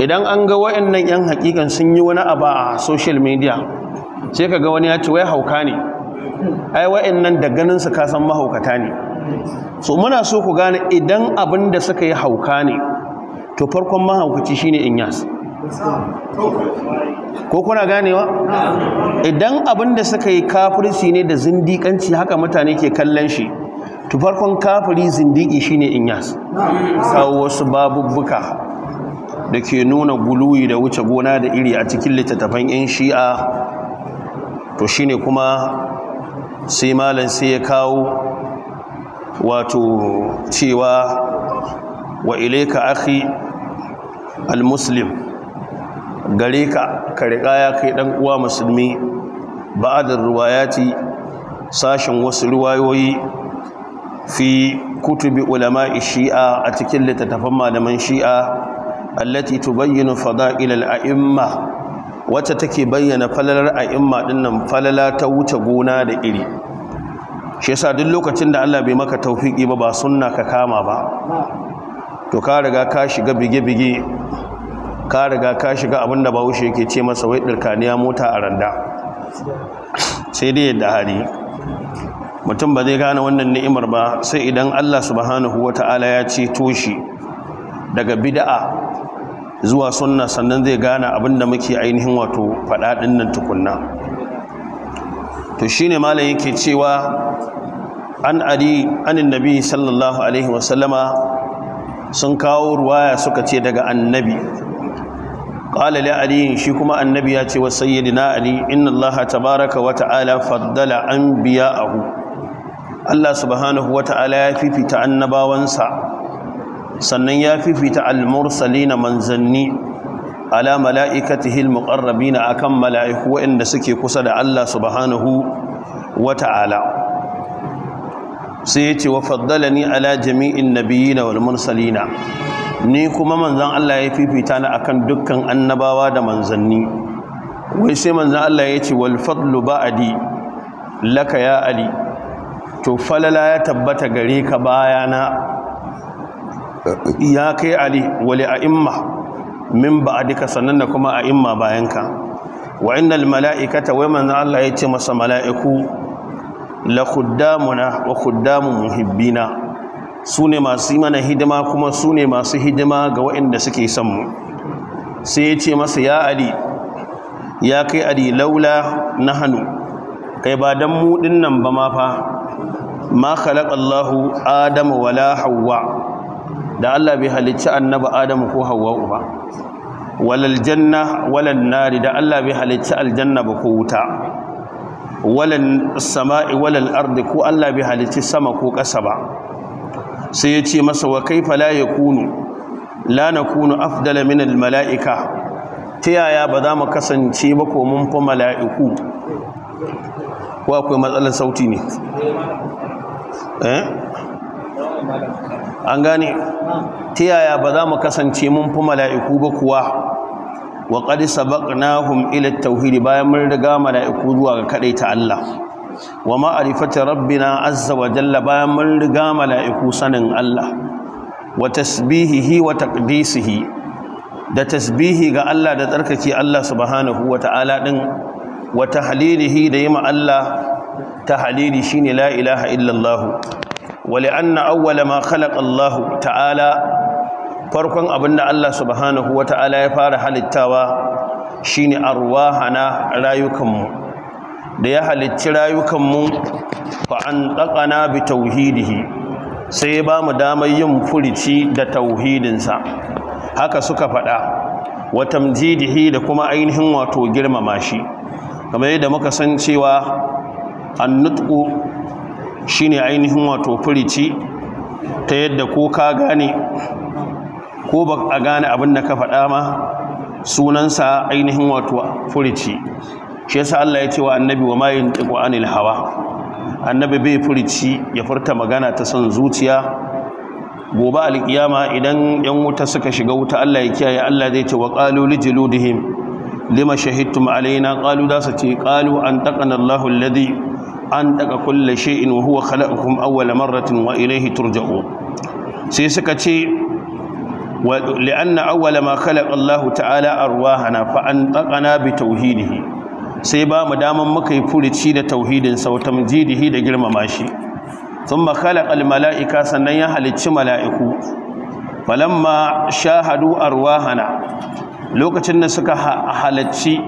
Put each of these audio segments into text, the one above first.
idan an ga wa'annan 'yan hakikan sun yi wani abu a social media sai ka ga wani ya ce wai hauka ne ai wa'annan da ganin su kasan mahaukata ne so muna so ku gane idan abin da suka yi hauka ne to farkon mahaukaci shine inyas ko kuna ganewa idan abin da suka yi kafirci ne da zindikanci haka mutane ke kallon shi to farkon kafiri zindiki shine inyas kawo wasu babubbuka da ke nuna guluyi da wuce gona da iri a cikin littattafan 'yan shi'a to shine kuma sai malam sai ya kawo wato cewa wa ilaika akhi almuslim gare ka ka riƙa ya kai ɗan uwa musulmi ba'adar ruwayati sashin wasu ruwayoyi fi kutubi ulamai shi'a a cikin littattafan malaman shi'a allati tubayyinu fada'il al-a'imma wacce take bayyana falalar a'imma dinnan falala ta wuce gona da iri shi yasa duk lokacin da Allah bai maka tawfiki ba ba sunna ka kama ba to ka riga ka shiga bige-bige ka riga ka shiga abinda bahaushe yake ce masa wai dirkaniya mota a randa sai dai yadda hali mutum ba zai gane wannan ni'imar ba sai idan Allah subhanahu wata'ala ya ce toshi daga bid'a zuwa sunna sannan zai gane abinda muke ainihin wato faɗaɗin nan tukunna to shine malam yake cewa an adi anin nabi sallallahu alaihi wasallama sun kawo ruwaya suka ce daga annabi qala li ali shi kuma annabi ya ce wa sayyidina ali inna allaha tabaraka wa ta'ala faddala anbiya'ahu Allah subhanahu wa ta'ala ya fifita annabawansa sannan ya fifita al na manzanni ala mala'ikatihi al-muqarrabina akan mala'iku waɗanda suke kusa da Allah subhanahu ta'ala. sai ce wa faddalani ala jami'in na wal na? ni kuma manzan Allah ya fifita na akan dukkan annabawa da manzanni wai sai manzan Allah ya ce wal fadlu ba'di laka ya ali to falala ya tabbata gare ka bayana ya kai ali a imma min duka sannan da kuma a'imma bayanka wa innal mala'ikata wai man Allah ya ce masa mala'iku la khuddamuna wa khuddamu muhibbina ne masu mana hidima kuma sune masu hidima ga waɗanda suke son mu sai ya ce masa ya ali ya kai ali laula na hannu. kai ba dan mu ɗinnan ba ma fa ma khalaqallahu adama wala Hauwa. da Allah bai halicci annabi Adamu ko Hawwa'u ba walal janna walal nari da Allah bai halicci aljanna ba ko wuta walal sama'i walal ardi ko Allah bai halicci sama ko ƙasa ba sai ya ce masa wa kaifa la yakunu la nakunu afdala min al mala'ika ta yaya ba za mu kasance ba ko mun fa mala'iku ko akwai matsalar sauti ne eh an gane ta yaya ba za mu kasance mun fi mala'iku ba kuwa wa qad na ila ilil tauhidi, bayan mun riga mala'iku zuwa ga ta Allah wa Rabbi na azza wa jalla bayan mun riga mala'iku sanin Allah wa tasbihihi wa taƙdisihi da tasbihi ga Allah da tsarkaki Allah subhanahu wa ta'ala ɗin wa tahalilihi da yima Allah tahlili shine la ilaha illallahu. Wale-anna أول ma خلق Allahu ta'ala farkon abinda Allah subhanahu wata'ala ya fara halittawa shine arwahana rayukanmu da ya halicci rayukanmu fa an taqana bi tauhidihi sai ba mu damar yin furici da tauhidinsa haka suka faɗa wa tamjidihi da kuma ainihin wato girmama shi kamar yadda muka san cewa annutqu Shi ne ainihin wato furici ta yadda ko ka gane ko ba a gane abin da ka faɗa ma sunansa ainihin wato furici shi yasa Allah ya ce wa annabi wa mayin tiku anil hawa annabi bai furici ya furta magana ta son zuciya gobe alkiyama idan yan wuta suka shiga wuta Allah ya kiyaye Allah zai ce wa qalu lijludihim lima shahidtum alaina qalu da ce qalu an taqana Allahu alladhi an taqa kulli shay'in wa huwa khalaqakum awwal marratin wa ilayhi sai suka ce لأن أول ما خلق الله تعالى أرواحنا bi بتوحيده sai ba mu daman muka yi furici da tauhidin sa wata mujidihi da girmama shi thumma khalaqal malaika sannan ya halicci mala'iku falamma shahadu arwahana lokacin da suka halarci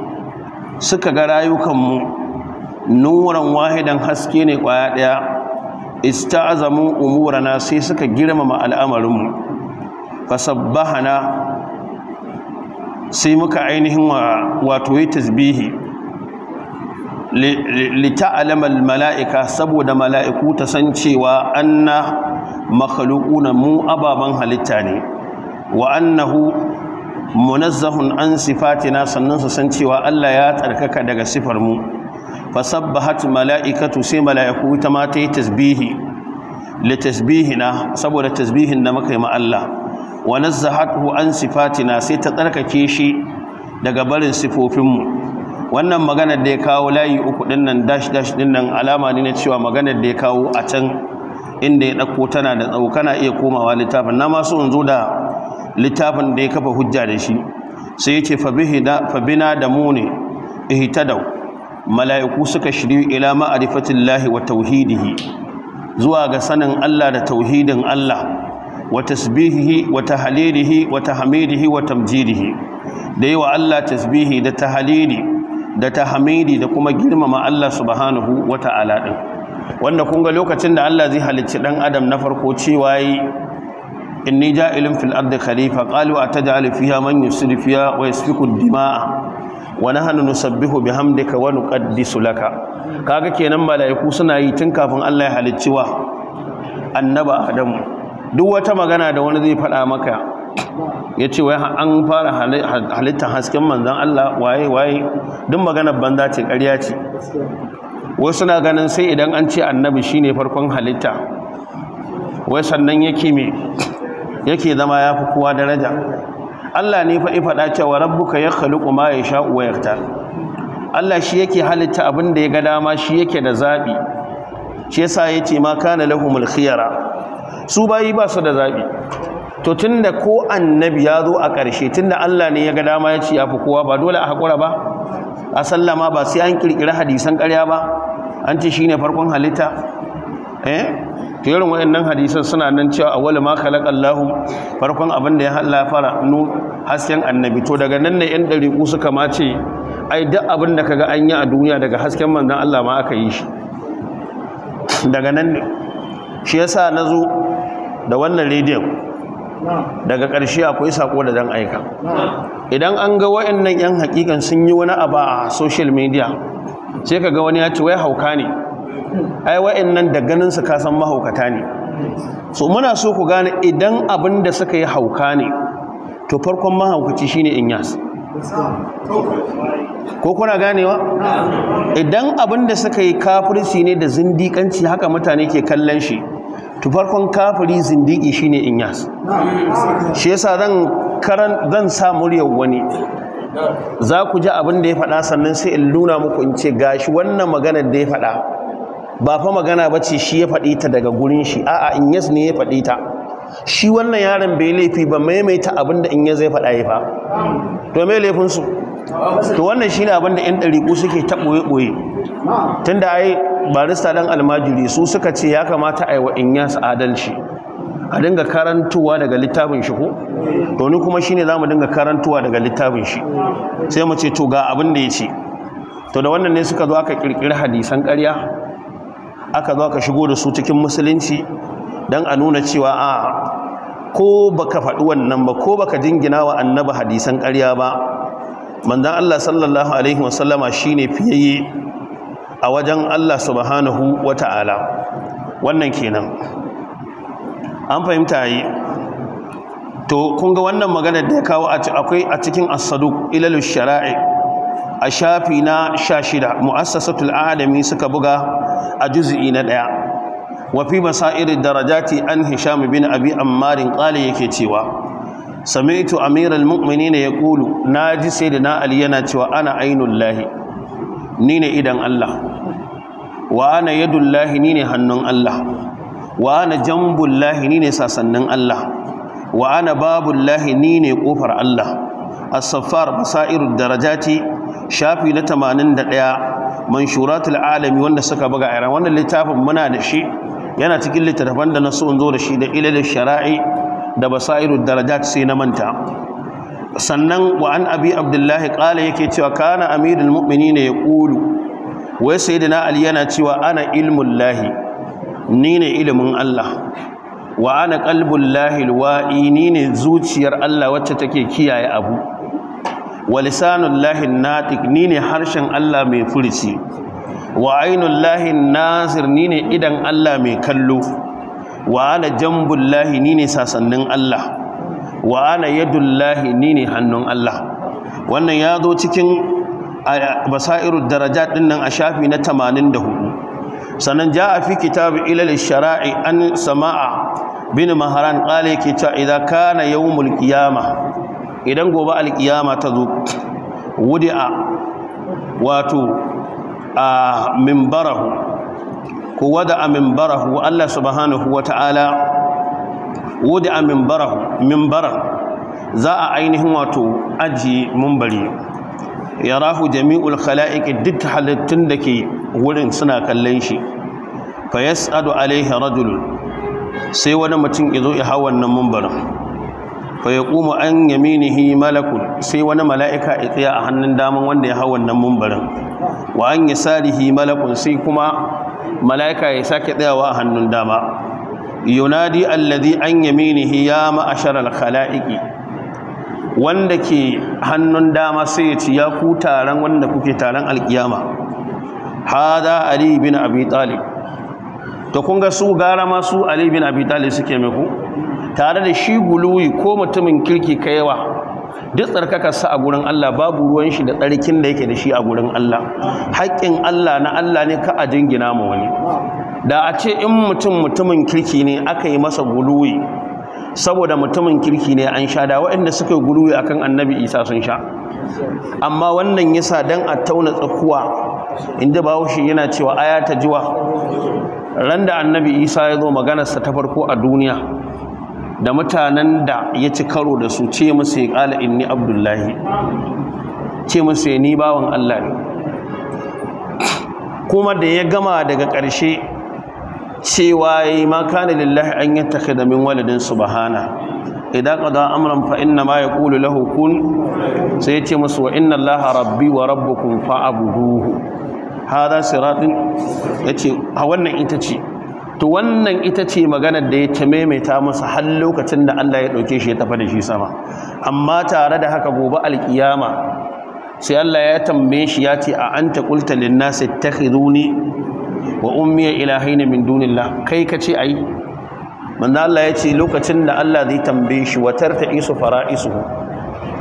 suka ga rayukanmu nuran wahidan haske ne kwaya daya ista'azamu umurana sai suka girmama al'amarinmu fasabbahana sai muka ainihin wato yi tasbihi lita'alama mala'ika saboda mala'iku ta san cewa anna makhluquna mu ababan halitta ne wa annahu munazzahun an sifatina sannan su san cewa Allah ya tsarkaka daga sifar mu Fa fasabbahat mala'ikatu sai mala'iku ta ma ta yi tasbihi li tasbihina saboda tasbihin da muka yi ma Allah wa nazzahatu an sifatina sai ta tsarkake shi daga barin sifofin mu wannan maganar da ya kawo layi uku dinnan dash dash dinnan alama ne na cewa maganar da ya kawo a can inda ya dauko tana da tsawo kana iya komawa littafin na ma so in zo da littafin da ya kafa hujja da shi sai ya ce fabina da mu ne mala'iku suka shiryu ila ma'rifatillahi wa tauhidihi zuwa ga sanin Allah da tauhidin Allah wa tasbihihi wa tahlilihi wa tahmidihi wa tamjidihi da yawa Allah tasbihi da tahlili da tahmidi da kuma girmama Allah subhanahu wa ta'ala din wanda kun ga lokacin da Allah zai halicci dan adam na farko cewa yi inni ja'ilun fil da khalifa qalu ataj'alu fiha man yusrifu fiha wa yasfiku ad-dima'a wa nahnu nusabbihu bihamdika wa nuqaddisu laka kaga kenan malaiku suna yi tun kafin Allah ya halicci wa annaba Adamu. duk wata magana da wani zai faɗa maka yace wai an fara halittar hasken manzon Allah waye waye duk magana banza ce ƙarya ce wai suna ganin sai idan an ce annabi shine farkon halitta wai sannan yake me yake zama ya fi kowa daraja Allah ne fa faɗa cewa ka ya khaliqu ma ya wa yaktar Allah shi yake halitta abin da ya ga dama shi yake da zaɓi. shi yasa ce ma kana lahumul khiyara su bayi ba su da zaɓi. to tunda ko annabi ya zo a ƙarshe tunda Allah ne ya ga dama ya ce ya fi kowa ba dole a haƙura ba a sallama ba sai an ƙirƙiri hadisan ƙarya ba an ce shine farkon halitta eh to irin wayannan hadisan suna nan cewa awwal ma khalaqallahu farkon abin da ya Allah fara nu hasken annabi to daga nan ne yan dariku suka mace ce ai duk abin da kaga an yi a duniya daga hasken manzon Allah ma aka yi shi daga nan ne shi yasa nazo da wannan rediyon daga ƙarshe akwai sako da zan aika idan an ga wayannan yan hakikan sun yi wani abu a social media sai kaga wani ya ce wai hauka ne ai wa'annan da ganin su kasan mahaukata ne so muna so ku gane idan abin da suka yi hauka ne to farkon mahaukaci shine inyas ko kuna ganewa idan abin da suka yi kafirci ne da zindikanci haka mutane ke kallon shi to farkon kafiri zindiki shine inyas shi yasa zan karan zan sa muryar wani za ku ji abin da ya faɗa sannan sai in nuna muku in ce gashi wannan maganar da ya faɗa ba fa magana ba ce shi ya faɗi ta daga gurin shi a'a in yas ne ya faɗi ta shi wannan yaron bai laifi ba maimaita abin da in yas zai faɗa ya fa to mai laifin su to wannan ne abin da yan ɗariƙu suke ta ɓoye ɓoye da ai barista ɗan almajiri su suka ce ya kamata a yi wa in yas adalci a dinga karantuwa daga littafin shi ko to ni kuma shine mu dinga karantuwa daga littafin shi sai mu ce to ga abin da ya ce to da wannan ne suka zo aka kirkiri hadisan ƙarya aka zo ka shigo da su cikin musulunci don a nuna cewa a ko baka faɗi wannan ba ko baka jingina wa annaba hadisan ƙarya ba manzan Allah sallallahu alaihi wasallama shi ne fiyayye a wajen Allah subhanahu ta'ala wannan kenan an fahimta yi to kun ga wannan maganar da ya kawo akwai a cikin asadu saduq shara'i a shafi na sha shida mu'assasatul alami suka buga a juz'i na ɗaya wafi masa'ir darajati an hisham bin abi ammarin ƙali yake cewa sami'tu amiral mu'minina ya kulu na ji sai da na ali yana cewa ana ainul lahi ni ne idan allah wa ana yadul lahi ni ne hannun allah wa ana jambul lahi ni ne sasannin allah wa ana babul lahi ni ne ƙofar allah as-saffar masa'irud darajati shafi na 81 manshuratul alami wanda suka buga iran wannan littafin muna da shi yana cikin littattafan da na zo da shi da ilal shara'i da basairu darajat sai na manta sannan wa an abi abdullahi qala yake cewa kana amirul mu'minin ya kulu. wai sayyidina ali yana cewa ana ilmul lahi ni ne ilimin Allah wa ana qalbul lahi alwa'i ni ne zuciyar Allah wacce take kiyaye abu wa lisanul lahin ni ne harshen Allah mai furici wa ainul nasir ni ne idan Allah mai kallo wa ana jambul ni ne sasannin Allah wa ana yadul ni ne hannun Allah wannan ya zo cikin basairu daraja din a shafi na 84 sannan ja a fi kitabu ilal shara'i an sama'a bin maharan qala yake cewa idza kana yawmul qiyamah idan gobe alkiyama ta zo a, wato a mimbarahu ko wada'a mimbarahu Allah subhanahu wata'ala a mimbarahu mimbara za a ainihin wato ajiye mumbari rahu jami'ul khala'iki duk halittun da ke wurin suna kallon shi fa yas'adu alaihi rajul sai wani mutum ya zo ya hawa wannan mumbarin fa kuma an yaminihi malakun sai wani mala'ika ya tsaye a hannun daman wanda ya hau wannan mumbarin wa an malakun sai kuma mala'ika ya sake tsayawa a hannun dama yunadi alladhi an yaminihi ya ma'ashar alkhala’iki wanda ke hannun dama sai ya ci ya ku taron wanda kuke taron alkiyama hada ali bin abi talib to kun ga su gara masu su ali bin abi suke maku? tare da shi guluwi ko mutumin kirki kaiwa duk sa a gurin Allah babu ruwan shi da tsarkin da yake da shi a gurin Allah haƙƙin Allah na Allah ne ka a jingina ma wani da a ce in mutum mutumin kirki ne aka yi masa guluwi saboda mutumin kirki ne an sha da waɗanda suka yi guluwi akan annabi isa sun sha amma wannan yasa dan a tauna tsakuwa inda bahaushe yana cewa aya ta jiwa ran da annabi isa ya zo maganarsa ta farko a duniya da mutanen da ya ci karo da su ce musu ya ƙala inni abdullahi ce musu ya ni bawan Allah ne kuma da ya gama daga ƙarshe cewa ya yi maka ne lillahi an yi take da min waladin subhana idan ƙada amuran fa’in na ma ya ƙulu lahukun sai ya ce musu wa inna Allah rabbi wa rabbukun fa'abuduhu su siratin ya ce a wannan ita ce to wannan ita ce maganar da ya taimaita maimaita masa har lokacin da Allah ya ɗauke shi ya tafi da shi sama amma tare da haka gobe alƙiyama sai Allah ya tambaye shi ya ce a anta qulta lin ittakhiduni wa ummi ilahin min dunillah kai ka ce ai manzo Allah ya ce lokacin da Allah zai tambaye shi wa su fara'isuhu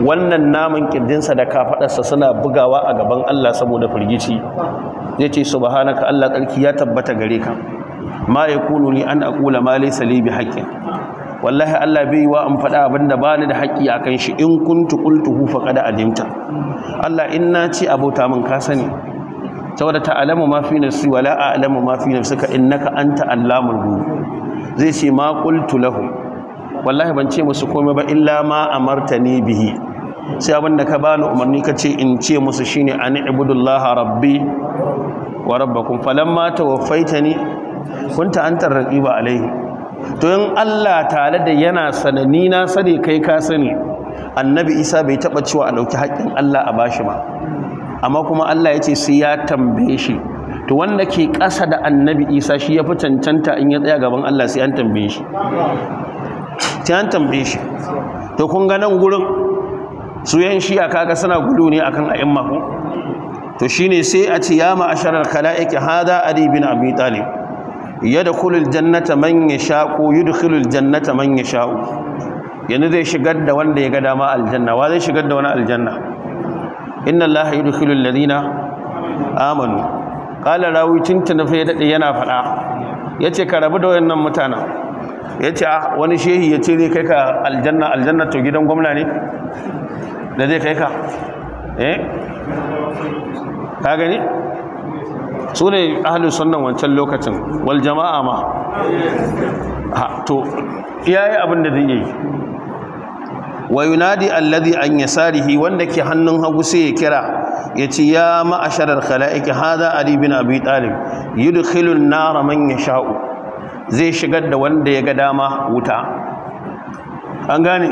wannan naman kirjinsa da kafadarsa suna bugawa a gaban Allah saboda firgici zai ce subhanaka Allah tsarki ya tabbata gare ka ma yakunu li an aqula ma laysa li bi wallahi Allah bai wa an faɗa abinda bani da haƙƙi a kan shi in kuntu qultuhu faqad alimta Allah in na ce abota min ka sani saboda ta'alamu ma fi nafsi wala a a'lamu ma fi nafsika innaka anta allamul ghuyub zai ce ma qultu lahu wallahi ban ce musu komai ba illa ma amartani bihi sai abinda ka bani umarni ka ce in ce musu shine an ibudullaha rabbi wa rabbakum falamma tawaffaitani Kun ta'antar ba alaihi to yin Allah tare da yana sanani na sani kai ka sani annabi Isa bai taɓa cewa a ɗauki haƙƙin Allah a bashi ba amma kuma Allah ya ce sai ya tambaye shi to wanda ke ƙasa da annabi Isa shi ya fi cancanta in ya tsaya gaban Allah sai an tambaye shi sai an tambaye shi to kun ga nan gurin su yan shi'a kaga suna gudu ne akan a'in mako? to shine sai a ce ya ma'asharal khalaiq hada ali bin abi talib yadkhulul jannata man yashaqu yudkhilul jannata man yasha'u yanzu zai shigar da wanda ya ga dama aljanna wa zai shigar da wani aljanna inna allaha yudkhilul ladina amanu qala rawi tuntuna fa dade yana fada yace ka rabu da wayannan mutanen yace ah wani shehi yace zai kai ka aljanna aljanna to gidan gwamna ne da zai kai ka eh ka gani su ne ahalin sunan wancan lokacin wal jama'a ma to iyaye abin da zai yi wa yunadi alladhi an yasarihi wanda ke hannun hagu sai ya kira ya ce ya ma'asharar khala'iq hada ali bin abi talib yudkhilu an-nar man yasha'u zai shigar da wanda ya ga dama wuta an gane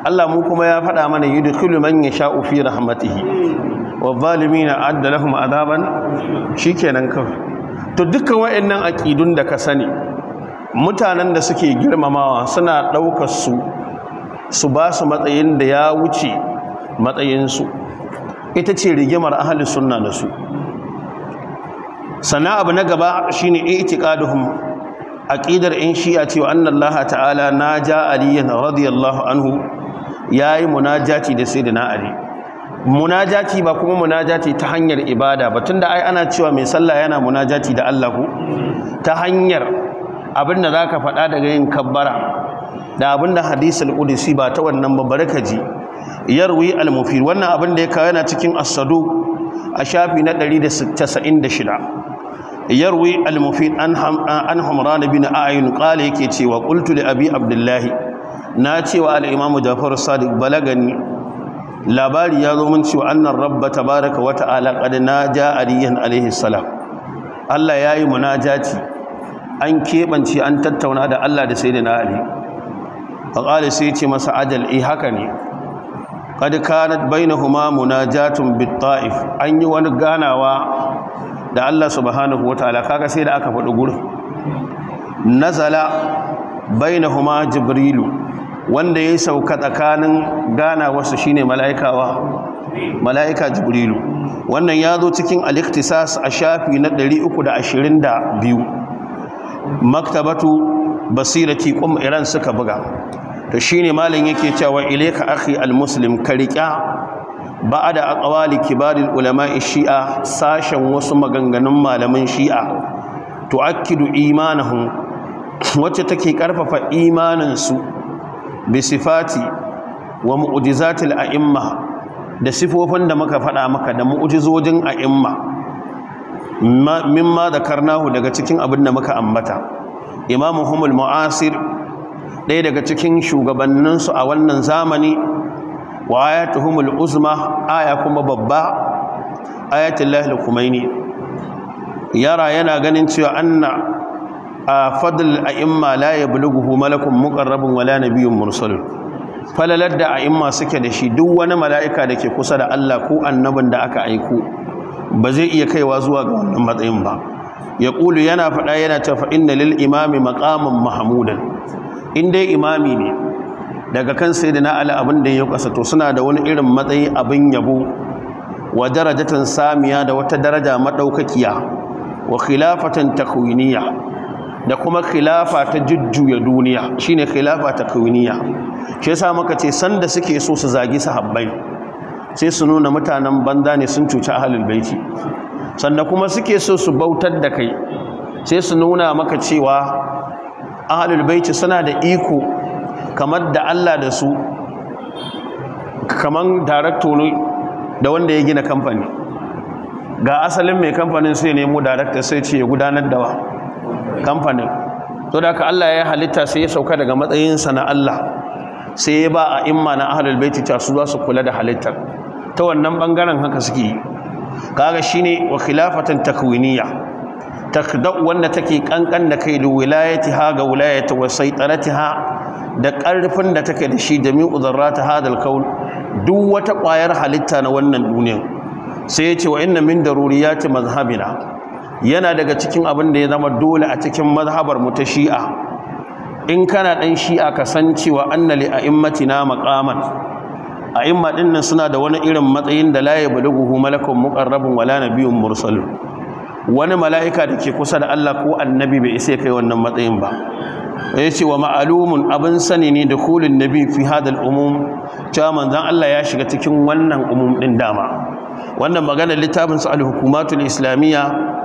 Allah mu kuma ya faɗa mana yudkhilu man yasha'u fi rahmatihi wadh-dhalimina adda lahum adaban shikenan kawai to dukkan wayannan aqidun da ka sani mutanen da suke girmamawa suna ɗaukar su su ba su matsayin da ya wuce matsayinsu ita ce rigimar ahli sunna da su sana abu na gaba shine i'tiqaduhum aqidar in shi'a cewa annallaha ta'ala na ja aliyan radiyallahu anhu ya yi munajati da sai da na'ari munajati ba kuma munajati ta hanyar ibada ba tunda ai ana cewa mai sallah yana munajati da Allah ku ta hanyar abinda za ka faɗa daga yin kabbara da da hadisul qudsi ba ta wannan ba barkaji yarwi al wannan abin da ya kawo yana cikin asadu a shafi na 196 يروي المفيد عن عن حمران بن أعين قال يكي وقلت لأبي abi abdullahi. na ce wa imamu Ja'far Sadiq balagani labari ya zo min cewa annan rabba tabaraka wata ta'ala na ja aliyan alaihi salam Allah yayi jaci. an keɓance an tattauna da Allah da na Ali faqala sai ce masa ajal e haka ne qad kanat bainahuma munajatun bit-ta'if an yi wani ganawa da Allah subhanahu wa ta'ala kaga sai da aka faɗi gurin nazala bai na huma jibrilu wanda ya sauka tsakanin gana wasu shine mala'ikawa mala'ika jibrilu wannan ya zo cikin al-iktisas a shafi na 322 maktabatu basirati kum iran suka buga to shine malam yake cewa ilayka akhi al-muslim ka riƙa ba'ada aqwali kibaril ulama'i shi'a sashen wasu maganganun malaman shi'a tu'akkidu imanahum wacce take karfafa imanin su bisifati wa mu'jizatil a'imma da sifofin da muka faɗa maka da mu'jizojin a'imma mimma karnahu daga cikin abin da muka ambata imamu humul mu'asir ɗaya daga cikin shugabanninsu a wannan zamani wa ayatuhumul uzma aya kuma babba ayatul lahi yara yana ganin cewa anna fadl a'imma la yablughu malakun muqarrabun wala nabiyyun mursalun falalar da a'imma suke da shi duk wani mala'ika da ke kusa da Allah ko annabin da aka aiko ba zai iya kaiwa zuwa ga wannan matsayin ba yaqulu yana faɗa yana ta fa inna lil imami maqaman mahmudan in dai imami ne daga kan sayyidina ali abin da ya kusa, to suna da wani irin matsayi abin yabo wa darajatan samiya da wata daraja madaukakiya wa khilafatan takwiniya da kuma khilafa ta jujjuya duniya shine khilafa ta kauniya shi yasa muka ce sanda suke so su zagi sahabbai sai su nuna mutanen banza ne sun cuci ahlul baiti sanda kuma suke so su bautar da kai sai su nuna maka cewa ahlul baiti suna da iko kamar da Allah da su kamar darakto da wanda ya gina kamfani ga asalin mai kamfanin sai nemo darakta sai ce gudanar da wa kamfanin to da ka Allah ya halitta sai ya sauka daga matsayinsa na Allah sai ya ba a imma na ahlul baiti ta su zasu kula da halittar ta wannan bangaren haka suke yi kaga shine wa khilafatan takwiniyya takda wanda take kankan da kai da ha ga wilayati wa saytaratiha da karfin da take da shi da mi'u zarrata hadal kaun duk wata kwayar halitta na wannan duniyar sai ya ce wa inna min daruriyati mazhabina yana daga cikin abin da ya zama dole a cikin mazhabar mu ta shi'a in kana dan shi'a ka san cewa anna li a'immatina maqaman a'imma suna da wani irin matsayin da la yablughu malakun muqarrabun wala nabiyyun mursal wani mala'ika da ke kusa da Allah ko annabi bai isa kai wannan matsayin ba ya ce wa ma'alumun abin sani ne da kulin nabi fi hadal umum cewa manzan Allah ya shiga cikin wannan umum din dama wannan maganar littafin su al-hukumatul islamiyya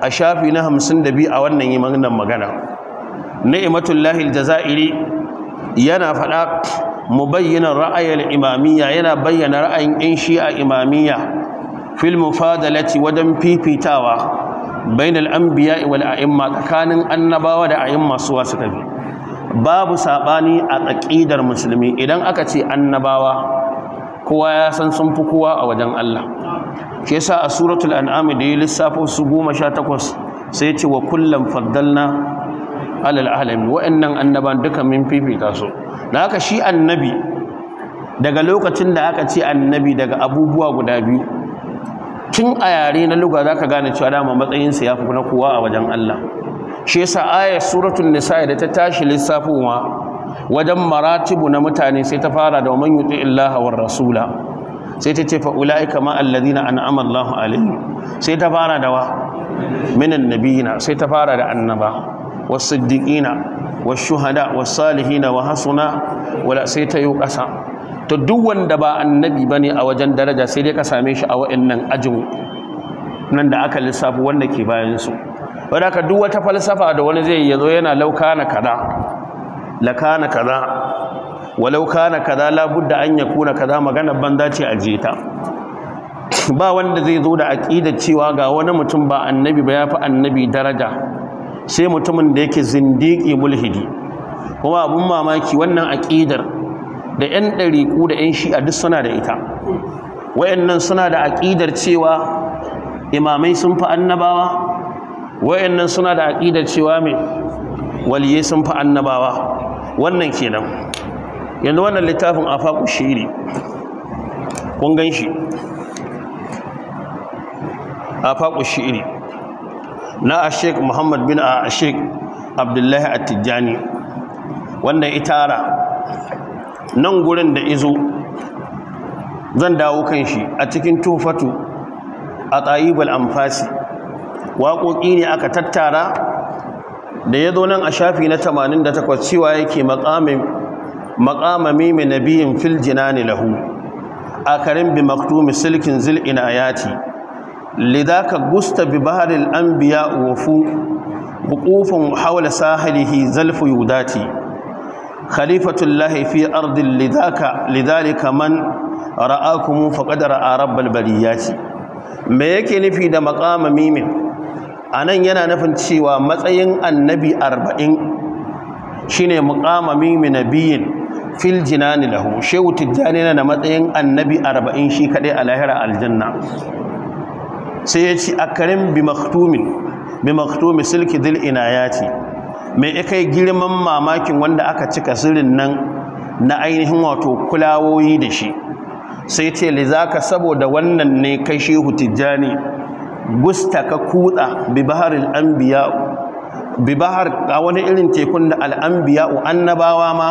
a shafi na hamsin da biyu a wannan yi maganan magana ni'matullahi aljazairi yana faɗa mu bayyana ra'ayar imamiyya yana bayyana ra'ayin yan shi'a imamiyya fil Fadalati wajen fifitawa bainal anbiya wal a'imma tsakanin annabawa da a'imma su wasu kabi babu saɓani a tsakidar musulmi idan aka ce annabawa kowa ya san sun fi kowa a wajen Allah Ke sa a suratul an'ami da ya lissafo su goma sha takwas sai ce wa kullum faddalna alal alami wa'annan annaban duka min fifita su da aka shi annabi daga lokacin da aka ce annabi daga abubuwa guda biyu tun a yare na luga ka gane cewa dama matsayinsa ya fi na kowa a wajen Allah shi yasa ayar suratul nisa da ta tashi lissafowa wajen maratibu na mutane sai ta fara da man yuti illaha war rasula sai ta ce fa ulaika ma alladhina an'ama Allahu sai ta fara da wa minan nabiyina sai ta fara da annaba wasiddiqina washuhada wasalihina wa hasuna wala sai ta yi kasa Ta duk wanda ba annabi ba ne a wajen daraja sai dai ka same shi a wa'annan ajin nan da aka lissafi wanda ke bayan su wanda duk wata falsafa da wani zai yazo yana laukana lakana kaza walau kana kaza la budda an yakuna kaza magana ban ce a jeta ba wanda zai zo da aqida cewa ga wani mutum ba annabi ba yafi annabi daraja sai mutumin da yake zindiki mulhidi kuma abun mamaki wannan aqidar da yan ɗariƙu da yan shi'a duk suna da ita wayannan suna da aqidar cewa imamai sun fi annabawa wayannan suna da aqidar cewa me waliyai sun fi annabawa wannan kenan yanzu wannan littafin afaku shiri kun gan shi afaku shiri na ashek muhammad bin ashek abdullahi attijani wanda ya tara nan gurin da izo zan dawo kan shi a cikin tufatu a tsayibal amfasi waƙoƙi ne aka tattara da ya zo nan a shafi na 88 cewa yake makamin. maqama mimi biyin filjina jinani lahu akarin bi maktumi silkin zil inayati lidaka gusta bi baharil anbiya wufu buqufun haula sahilihi zalfu yudati khalifatullahi lahifi ardi lidaka lidalika man ra'akum faqad ra'a rabbal bariyati me yake nufi da maqama anan yana nufin cewa matsayin annabi arba'in shine muqama na nabiyin fil jinani lahu shehu tijjani na matsayin annabi arba'in shi kaɗai a lahira aljanna sai ya ci a karin bi maktumi silki dil inayati Me aka girman mamakin wanda aka cika sirrin nan na ainihin wato kulawoyi da shi sai ce lizaka saboda wannan ne kai shehu tijjani gusta ka kutsa bi baharil anbiya bi bahar ga wani irin tekun da al'anbiya'u annabawa ma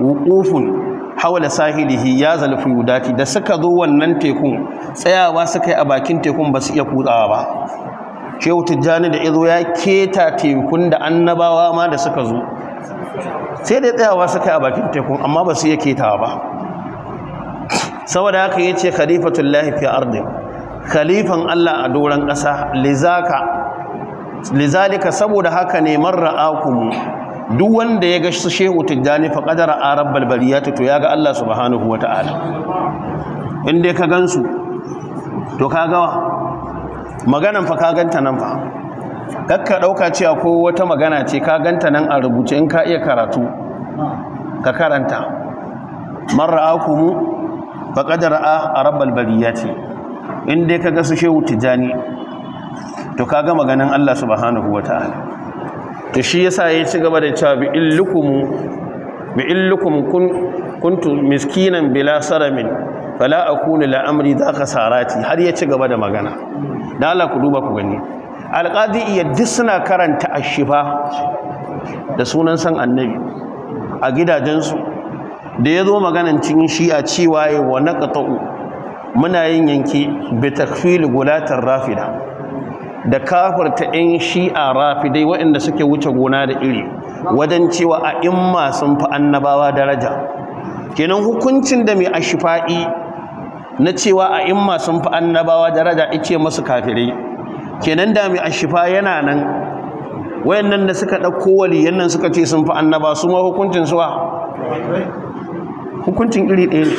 wukufun hawala sahilihi ya zalfi wudati da suka zo wannan tekun tsayawa suka yi a bakin tekun ba su iya kutsawa ba shehu tijjani da izo ya keta tekun da annabawa ma da suka zo sai dai tsayawa suka yi a bakin tekun amma ba su iya ketawa ba saboda haka ya ce khalifatun fi ardi khalifan Allah a doron ƙasa lizaka lizalika saboda haka ne akumu duk wanda ya ga su shehu tijjani fa qadara arab bariyati to ya ga Allah subhanahu wata'ala in dai ka gansu to ka ga maganan fa ka ganta nan fa kakka dauka cewa ko wata magana ce ka ganta nan a rubuce in ka iya karatu ka karanta man ra'akum fa qadara arab bariyati in dai ka ga su shehu tijjani to ka ga maganan Allah subhanahu wata'ala to shi yasa ya ci gaba da cewa bi illukum bi illukum kuntu miskinan bila saramin fala akunu la amri da sarati har ya ci gaba da magana da Allah ku duba ku gani alqadi ya suna karanta ashifa da sunan san annabi a gidajensu da ya zo maganan cin a cewa wa naqta'u muna yin yanki bi takfil gulatar rafida da kafarta 'yan shi'a rafidai waɗanda suke wuce gona da iri wajen cewa a imma sun fi annabawa daraja kenan hukuncin da mai ashifa'i na cewa a imma sun fi annabawa daraja ice masu kafirai kenan da mai ashifa yana nan wayannan da suka ɗauko wali yannan suka ce sun fi annaba su ma hukuncin suwa hukuncin iri ɗaya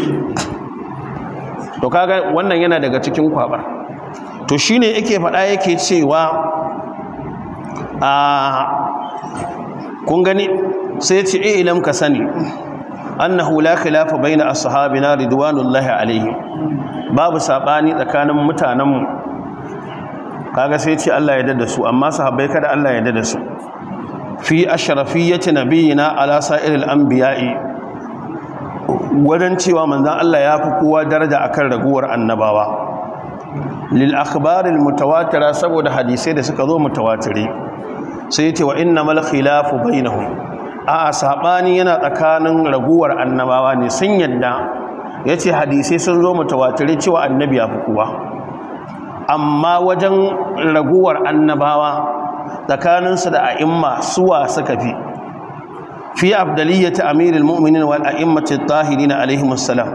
to kaga wannan yana daga cikin kwabar to shine yake faɗa yake cewa a kun gani sai ce ilam eh, ka sani annahu la khilafa baina ashabina ridwanullahi alaihim babu sabani tsakanin mutanenmu kaga sai ce Allah ya dada su amma sahabbai kada Allah ya dada su fi ashrafiyyati nabiyina ala sa'iril anbiya'i wajen cewa manzon Allah ya fi kowa daraja akan raguwar annabawa lil akhbaril mutawatira saboda hadisai da suka zo mutawatire sai yace wa innamal khilafu bainahum A'a saɓani yana tsakanin raguwar annabawa ne sun yadda yace hadisai sun zo mutawatire cewa annabi ya fi kowa amma wajen raguwar annabawa tsakaninsa da a'imma suwa suka fi fi abdaliyyati amirul mu'minin wal a'immati tahirin alaihim assalam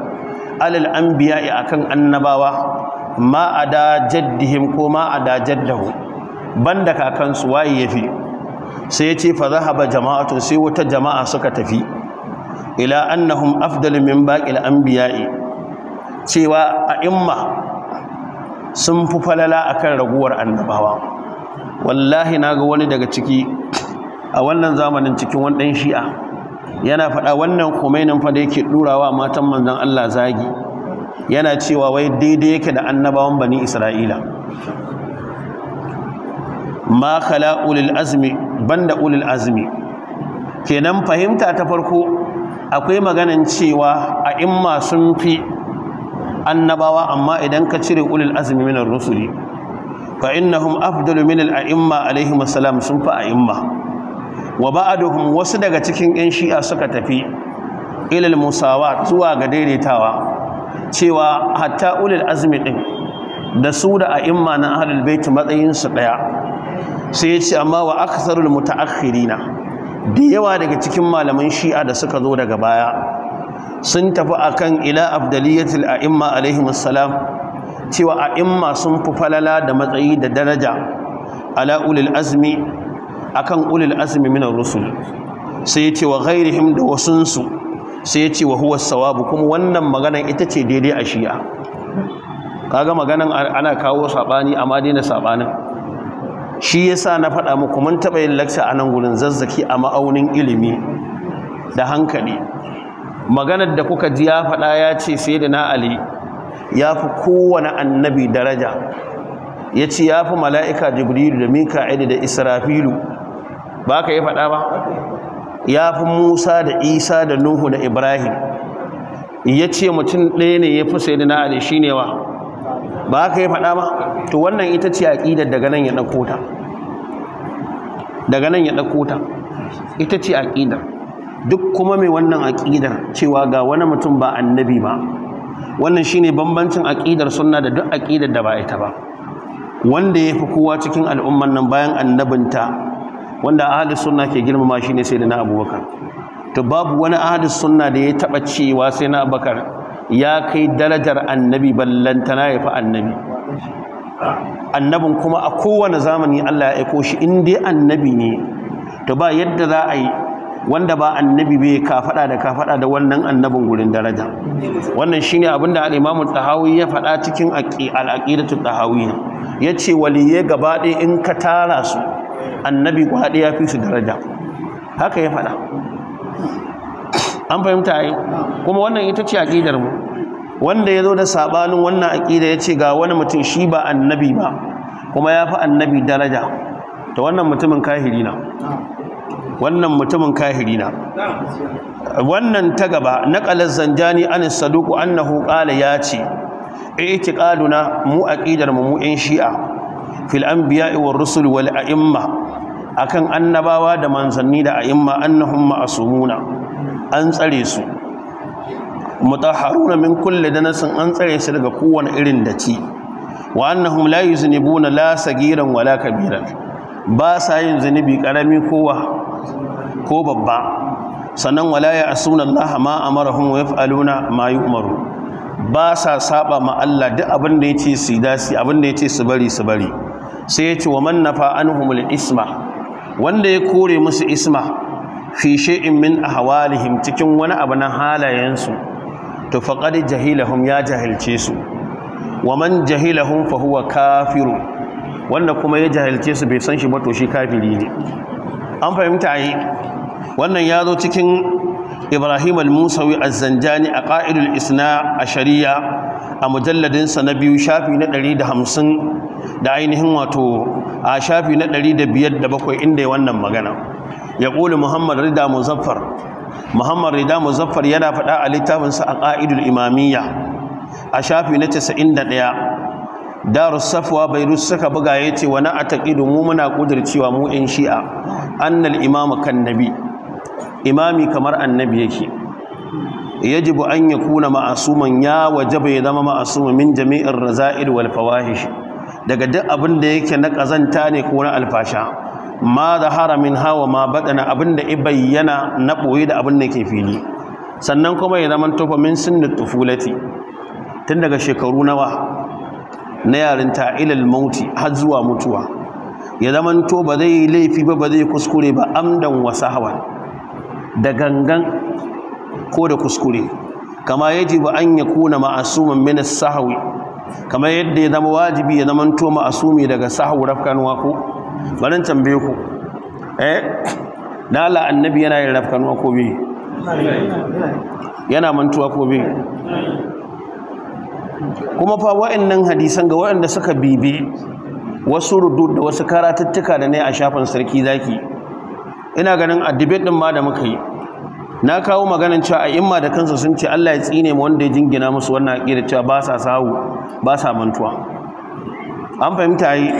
alal anbiya'i akan annabawa ma a da jaddihim ko ma a da jaddahu banda kakansu waye ya fi. sai ya ce fa zahaba jama'atu sai wata jama'a suka tafi ila annahum afdalu min biya biya'i cewa a imma sun fi falala a kan raguwar annabawa wallahi na ga wani daga ciki a wannan zamanin cikin wani dan shi'a yana faɗa wannan kumainin fa da yake ɗurawa matan manzon Allah zagi yana cewa wai daidai yake da annabawan bani isra'ila ma khala ulil azmi banda ulil azmi kenan fahimta ta farko akwai maganan cewa a imma sun fi annabawa amma idan ka cire ulil azmi minar rusuli fa innahum afdalu min al a'imma alayhi assalam sun fa a'imma wa ba'aduhum wasu daga cikin yan shi'a suka tafi ilal musawa zuwa ga daidaitawa cewa hatta ulil azmi din da su da a'imma na ahlul bait matsayin su daya sai yace amma wa aktsarul mutaakhirina da yawa daga cikin malaman shi'a da suka zo daga baya sun tafi akan ila afdaliyatil a'imma alaihimus salam cewa a'imma sun fi falala da matsayi da daraja ala ulil azmi akan ulil azmi minar rusul sai ya ce wa ghairihim da wasunsu sai ce wa huwa sawabu kuma wannan maganan ita ce daidai a shi'a kaga maganan ana kawo sabani amma daina sabanin shi yasa na faɗa muku mun taɓa yin lacca a nan gurin zazzaki a ma'aunin ilimi da hankali maganar da kuka ji ya faɗa ya ce sai da na ali ya fi kowane annabi daraja ya ce ya fi mala'ika jibrilu da mika'ilu da israfilu ba ka yi faɗa ba ya fi musa da isa da nuhu da ibrahim ya ce mutum ɗaya ne ya fi sai da na'ali shi ne wa ba ka yi faɗa ba to wannan ita ce aƙidar daga nan ya ɗauko ta daga nan ya ɗauko ta ita ce aƙidar duk kuma mai wannan aƙidar cewa ga wani mutum ba annabi ba wannan shi ne bambancin aƙidar suna da duk aƙidar da ba ita ba wanda ya fi kowa cikin al'umman nan bayan annabinta wanda ahlus sunna ke girmama shine sayyidina abubakar to babu wani ahlus sunna da ya taba cewa sayyidina abubakar ya kai darajar annabi ballantana ya fi annabi annabin kuma a kowane zamani Allah ya aiko shi in dai annabi ne to ba yadda za a yi wanda ba annabi bai kafada da kafada da wannan annabin gurin daraja wannan shine abin da al-Imam ya faɗa cikin al-Aqidatu Tahawiyya yace waliye gaba ɗaya in ka tara su annabi kwaɗe ya fi su daraja haka ya faɗa an fahimta yi kuma wannan ita ce aƙidar mu wanda ya zo da saɓanin wannan aƙida ya ce ga wani mutum shi ba annabi ba kuma ya fi annabi daraja ta wannan mutumin kahiri na wannan mutumin kahiri na wannan ta gaba ƙalar zanjani an saduku annahu ƙala ya ce ƙaduna mu aƙidar mu mu 'yan shi'a filan biya war rusul wal a'imma akan annabawa da manzanni da a'imma annahum ma'sumuna an tsare su mutahharuna min da danasin an tsare su daga kowane irin daci wa annahum la yuznibuna la sagiran wala kabiran ba sa yin zunubi karami kowa ko babba sannan wala ya asuna Allah ma amarahum wa yaf'aluna ma umaru? ba sa saba ma Allah duk abin da ya ce su da su abin da ya ce su bari su bari sai ya ce wa man nafa isma wanda ya kore musu isma fi shay'in min ahwalihim cikin wani abu na halayensu to faqad jahilahum ya jahilce su wa man jahilahum fa huwa kafiru wanda kuma ya jahilce su bai san shi ba to shi kafiri ne an fahimta yi wannan ya zo cikin ibrahim al-musawi az-zanjani a ƙa'idul isna a shari'a a mujalladinsa na biyu shafi na ɗari da hamsin da ainihin wato a shafi na ɗari da biyar da bakwai inda wannan magana ya ƙuli muhammad rida muzaffar muhammad rida muzaffar yana faɗa a littafinsa a ƙa'idul imamiyya a shafi na casa'in da ɗaya darus safwa suka buga ya ce wani a taƙidu mu muna cewa mu in shi'a annal imamu kan nabi imami kamar annabi yake yajibu an yakuna ma'asuman ya wajaba ya zama ma'asuman min jami'in raza'il wal fawahish daga duk abin da yake na kazanta ne ko na alfasha ma zahara min hawa ma badana abin da ibayyana na boye da abin da ke fili sannan kuma ya zama tofa min sunnat tufulati tun daga shekaru nawa na yarin yarinta ilal mauti har zuwa mutuwa ya zama to ba zai laifi ba ba zai kuskure ba amdan wa da gangan ko da kuskure kama ba an ya kuna ma'asumin minis sahawi kama yadda ya zama wajibi ya zama to ma'asumi daga sahawu rafkan ko barin tambaye ku eh lala annabi yana yin rafkan ko bi yana mantuwa ko bi kuma fa wa'annan hadisan ga wa'anda suka bibi wasu rudud da wasu karatattuka da ne a shafin sarki zaki ina ganin a debate din ma da muka yi na kawo maganin cewa a imma da kansa sun ce Allah ya tsine mu wanda ya jingina musu wannan aqida cewa ba sa sahu ba sa mantuwa an fahimta yi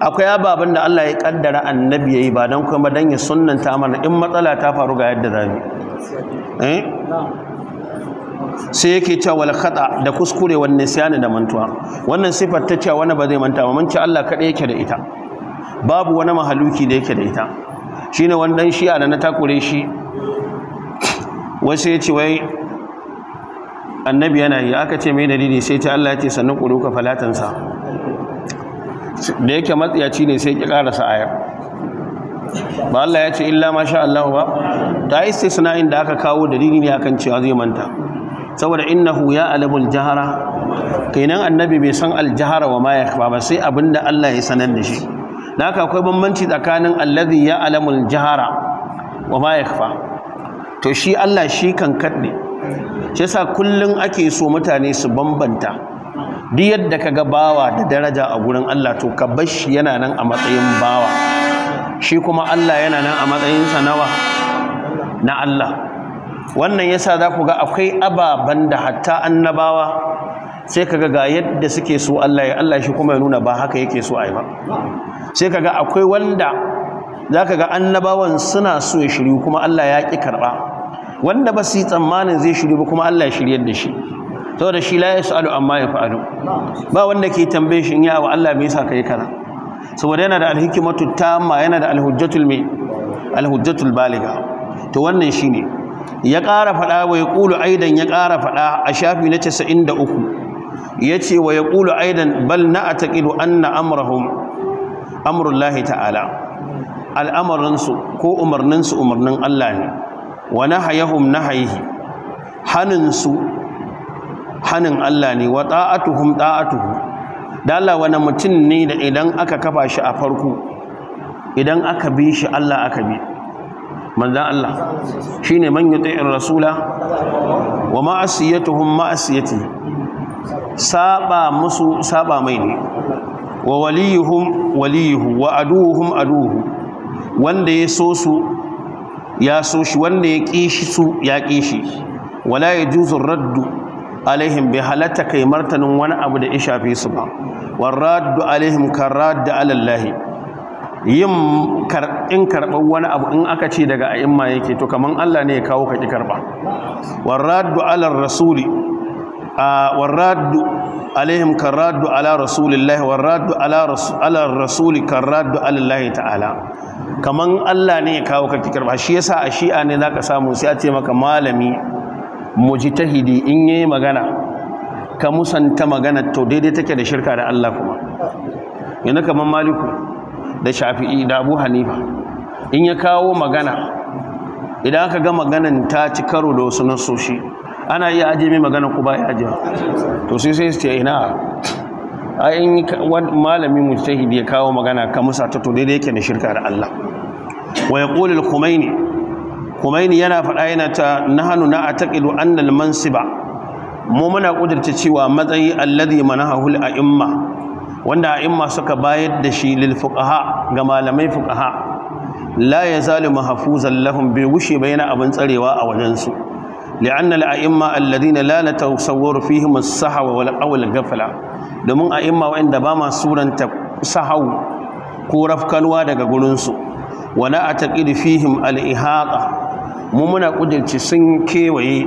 akwai ababen da Allah ya kaddara annabi yayi ba dan kuma dan ya sunnanta mana in matsala ta faru ga yadda zabi eh sai yake cewa wal khata da kuskure wan nisyani da mantuwa wannan sifar ta cewa wani ba zai manta ba mun ce Allah kada yake da ita babu wani mahaluki da yake da ita ne wani ɗan shi'a da na takure shi wasu ya ce wai annabi yana yi aka ce mai dalili sai ta Allah ya ce sannan ƙuru ka falatansa da yake matsiyaci ne sai ki ƙarasa ayar ba Allah ya ce illa ma sha Allah ba ta yi suna inda aka kawo dalili ne akan cewa zai manta saboda innahu ya alabul jahara nan annabi bai san aljahara wa ma ya ba sai abinda Allah ya sanar da shi haka akwai bambanci tsakanin allazi ya alamul jihara wa ma yakhfa to shi Allah shi kan kadde shi yasa kullun ake so mutane su bambanta duk yadda ka ga bawa da daraja a gurin Allah to ka bar shi yana nan a matsayin bawa shi kuma Allah yana nan a matsayin nawa na Allah wannan yasa za ku ga akwai ababan da hatta annabawa sai kaga ga yadda suke so Allah ya Allah shi kuma ya nuna ba haka yake so a ba sai kaga akwai wanda zaka ga annabawan suna so ya shiryu kuma Allah ya ki karba wanda ba su yi tsammanin zai shiryu ba kuma Allah ya shiryar da shi saboda shi la yasalu amma ya fa'alu ba wanda ke tambaye shi in ya wa Allah me yasa kai kaza saboda yana da alhikmatu tamma yana da alhujjatul mai alhujjatul baliga to wannan shine ya ƙara faɗa wa ya ƙulu aidan ya ƙara faɗa a shafi na 93 Ya ce wa yaqulu aidan bal na a an na amrahum amrullahi ta'ala al'amarinsu ko umarninsu umarnin Allah ne wa na nahayihi haninsu hanin Allah ne wa ta'atuhum ta'atuhu da Allah wani mutum ne da idan aka kafa shi a farko idan aka bi shi Allah aka bi manzan Allah shi shine man yuti'ir rasula wa ma'asiyatuhum ma'asiyatihi saba musu saba mai ne wa waliyuhum waliyuhu wa aduhum aduhu wanda ya so su ya so shi wanda ya kishi su ya kishi wala yajuzu raddu alaihim bi halatta kai martanin wani abu da isha shafe su ba raddu alaihim raddu alallahi yin in karɓar wani abu in aka ce daga a'imma yake to kaman Allah ne ya kawo ka ki karɓa raddu alar rasuli warraddu alaihim karraddu ala rasulillahi warraddu ala rasuli karraddu alallahi ta'ala kaman Allah ne ya kawo ka fikir ba shi yasa a shi'a ne zaka samu sai a ce maka malami mujtahidi in yayi magana ka musanta magana to daidai take da shirka da Allah kuma yana kaman maliku da shafi'i da abu hanifa in ya kawo magana idan aka ga maganan ta ci karo da wasu nasoshi ana iya aje mai magana ku ba ya aje to sai sai ina a in malami mujtahidi ya kawo magana ka musa ta to daidai yake na shirka da Allah wa yaqulu al-khumaini khumaini yana faɗa yana ta nahanu na ataqidu anna al-mansiba mu muna kudirce cewa matsayi alladhi manahahu al-a'imma wanda a'imma suka bayar da shi lil fuqaha ga malamai fuqaha la yazalu mahfuzan lahum bi wushi bayna abin tsarewa a su. لأن الأئمة الذين لا نتصور فيهم السهو أو الغفلة domin a imma wa'anda ba ma suranta sahau ko rafkanuwa daga gurinsu wala a taƙiri fihim al'ihaƙa mu muna ƙudurci sun kewaye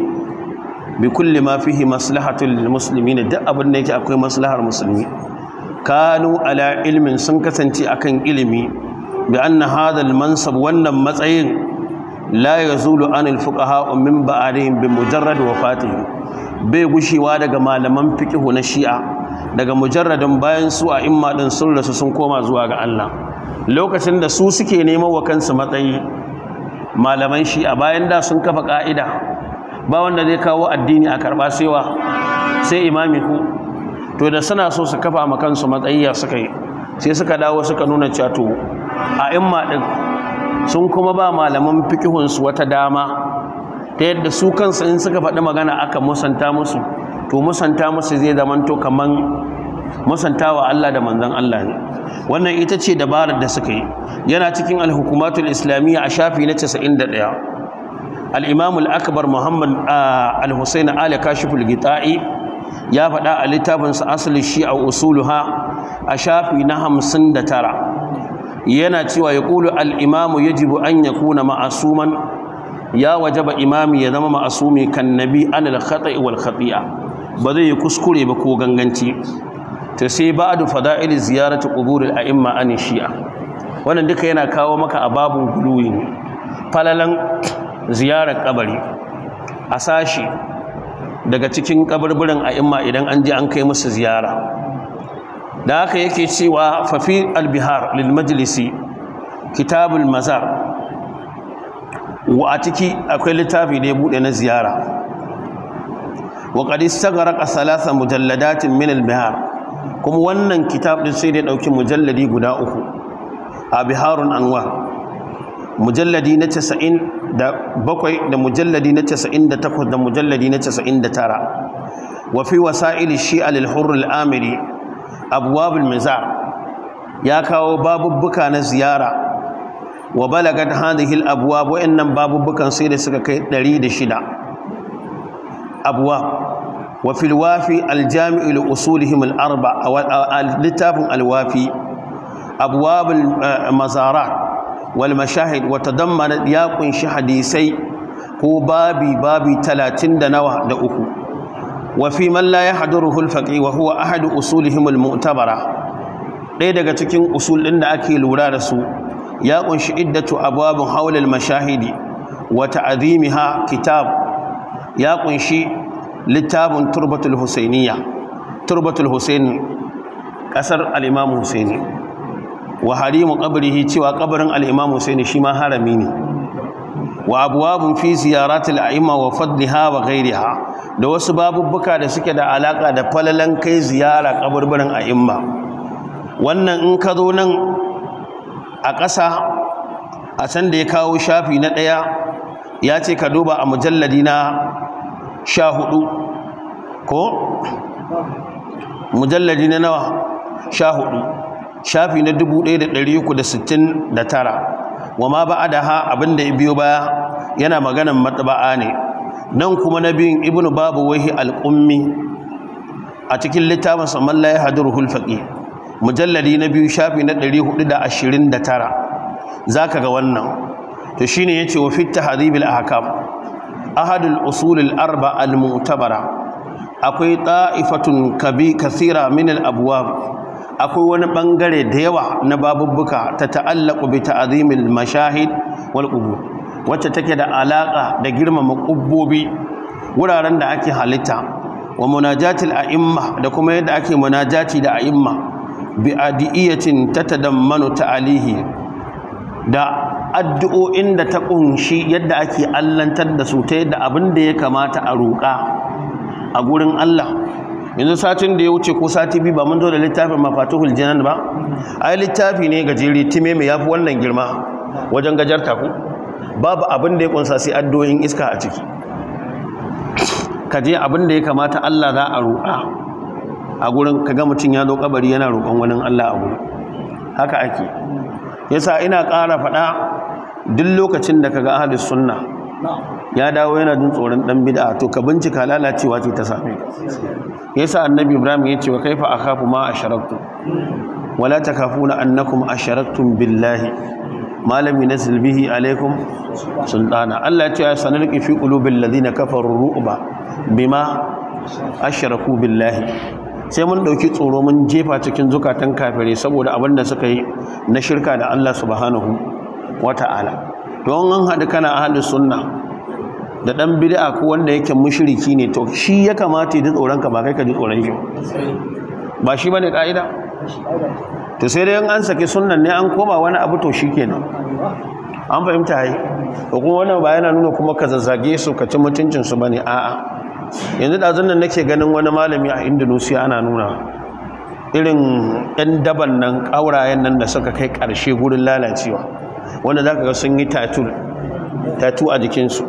bi kulli ma fihi musulmi ne duk abin da yake akwai maslahar musulmi kanu ala ilmin sun kasance akan ilimi bi anna hadal mansab wannan matsayin la yazulu anil fuqaha min ba'dihim bi mujarrad wafatihim bai gushewa daga malaman fikihu na shi'a daga mujarradin bayan su a imma din sun rasu sun koma zuwa ga Allah lokacin da su suke neman wa kansu matsayi malaman shi'a bayan da sun kafa ka'ida ba wanda zai kawo addini a karba sewa sai imami ku to da suna so su kafa ma kansu matsayi suka yi sai suka dawo suka nuna cewa a imma din sun kuma ba malaman fikihunsu wata dama ta yadda su kansu in suka faɗi magana aka musanta musu to musanta musu zai to kaman wa Allah da manzon Allah ne wannan ita ce dabarar da suka yi yana cikin al-hukumatul islamiyya a shafi na 91 al-imam al-akbar muhammad al-husayn ali kashiful gita'i ya faɗa a littafinsa asali shi a usuluha a shafi na 59 yana cewa ya ƙulu al'imamu ya jibu an ya kuna ma'asuman ya wajaba imami ya zama ma'asumi kan nabi an alkhatai ba zai yi kuskure ba ko ganganci ta sai ba da fada'il ziyarata ƙuburin a'imma an shi'a wannan duka yana kawo maka a babun guluwi falalan ziyarar kabari a sashi daga cikin a imma idan an je an kai musu ziyara da haka yake cewa fafi albihar lil majlisi kitabul mazar wa a ciki akwai littafi da ya bude na ziyara wa qad istaghraqa thalatha mujalladatin min albihar kuma wannan kitab din sai da dauki mujalladi guda uku a biharun anwa mujalladi na 97 da mujalladi na 98 da mujalladi na 99 wa fi wasa'il shi'a lil hurr amiri abwabul mizar ya kawo babubbuka na ziyara wa balagat hadhihi al-abwab wa innam babubbukan sai da suka kai 106 abwab wa fil wafi al-jami' li usulihim al-arba al-litafin al-wafi abwab al-mazarat eh, wal mashahid wa ya kunshi hadisai ko babi babi 30 da nawa da uku wafi man la yahduruhu al-faqih wa huwa mutabara ɗaya daga cikin usul ɗin da ake lura da su ya ƙunshi iddatu ababun haulal mashahidi wa azimiha kitab ya ƙunshi littafin turbatul husainiya turbatul husaini ƙasar al husaini wa harimu qabrihi cewa ƙabarin alimam imam husaini shi ma harami ne wa wabu fi ziyaratil a'imma wa fadliha wa ghayriha da wasu babubbuka da suke da alaka da falalan kai ziyara kaburburin a'imma wannan in ka zo nan a ƙasa a can da ya kawo shafi na ɗaya ya ce ka duba a mujalladi na sha hudu ko mujalladi na nawa sha hudu shafi na dubu ɗaya da ɗari uku da sittin da tara wa ma abin abinda ya biyo baya yana maganan matba'a ne nan kuma nabiyin ibnu babu wahi al-ummi a cikin littafin samman la yahdurul faqih mujalladi na biyu shafi na 429 zaka ga wannan to shine yace wa fit tahdhib ahkam ahad al-usul al-arba al-mu'tabara akwai ta'ifatun kabi kathira min al-abwab akwai wani bangare da yawa na babubbuka ta ta'allaku bi ta'azimil mashahid wal qubur wacce take da alaka da girmama kubbobi wuraren da ake halitta wa munajatil a'imma da kuma yadda ake munajati da a'imma bi adiyatin tatadammanu ta'alihi da addu'o'in da ta kunshi yadda ake allantar da su ta yadda abin da ya kamata a roƙa a gurin Allah yanzu satin da ya wuce ko sati biyu ba mun zo da littafin mafatuhul jinan ba ai littafi ne gajeri time mai yafi wannan girma wajen ta ku babu abin da ya kunsa sai addoyin iska a ciki ka je abin da ya kamata Allah za a roƙa a gurin ga mutum ya zo kabari yana roƙon wani Allah a gurin haka ake yasa ina ƙara faɗa duk lokacin da ka ga ahlus sunna ya dawo yana jin tsoron dan bid'a to ka bincika lalacewa ce ta same yasa annabi ibrahim ya ce wa kaifa akhafu ma asharaktu wala takafuna annakum asharaktum billahi malam yunzil bihi alaikum sultana Allah ya ce ya sanalqi fi qulubil ladina kafaru ru'ba bima asharaku billahi sai mun dauki tsoro mun jefa cikin zukatan kafire saboda abin da suka yi na shirka da Allah subhanahu wata'ala don an haɗu kana a haɗu sunna da ɗan bid'a ko wanda yake mushiriki ne to shi ya kamata ya ji tsoron ba kai ka ji tsoron shi ba shi ba ne ka'ida to sai dai an saki sunnan ne an koma wani abu to shi kenan. an fahimta hai Ko kuma wannan ba yana nuna kuma ka zazzage su ka ci mutuncin su bane a'a yanzu da nan nake ganin wani malami a indonesia ana nuna irin 'yan daban nan ƙaurayen nan da suka kai ƙarshe gurin lalacewa wanda za ka ga sun yi tatu a jikinsu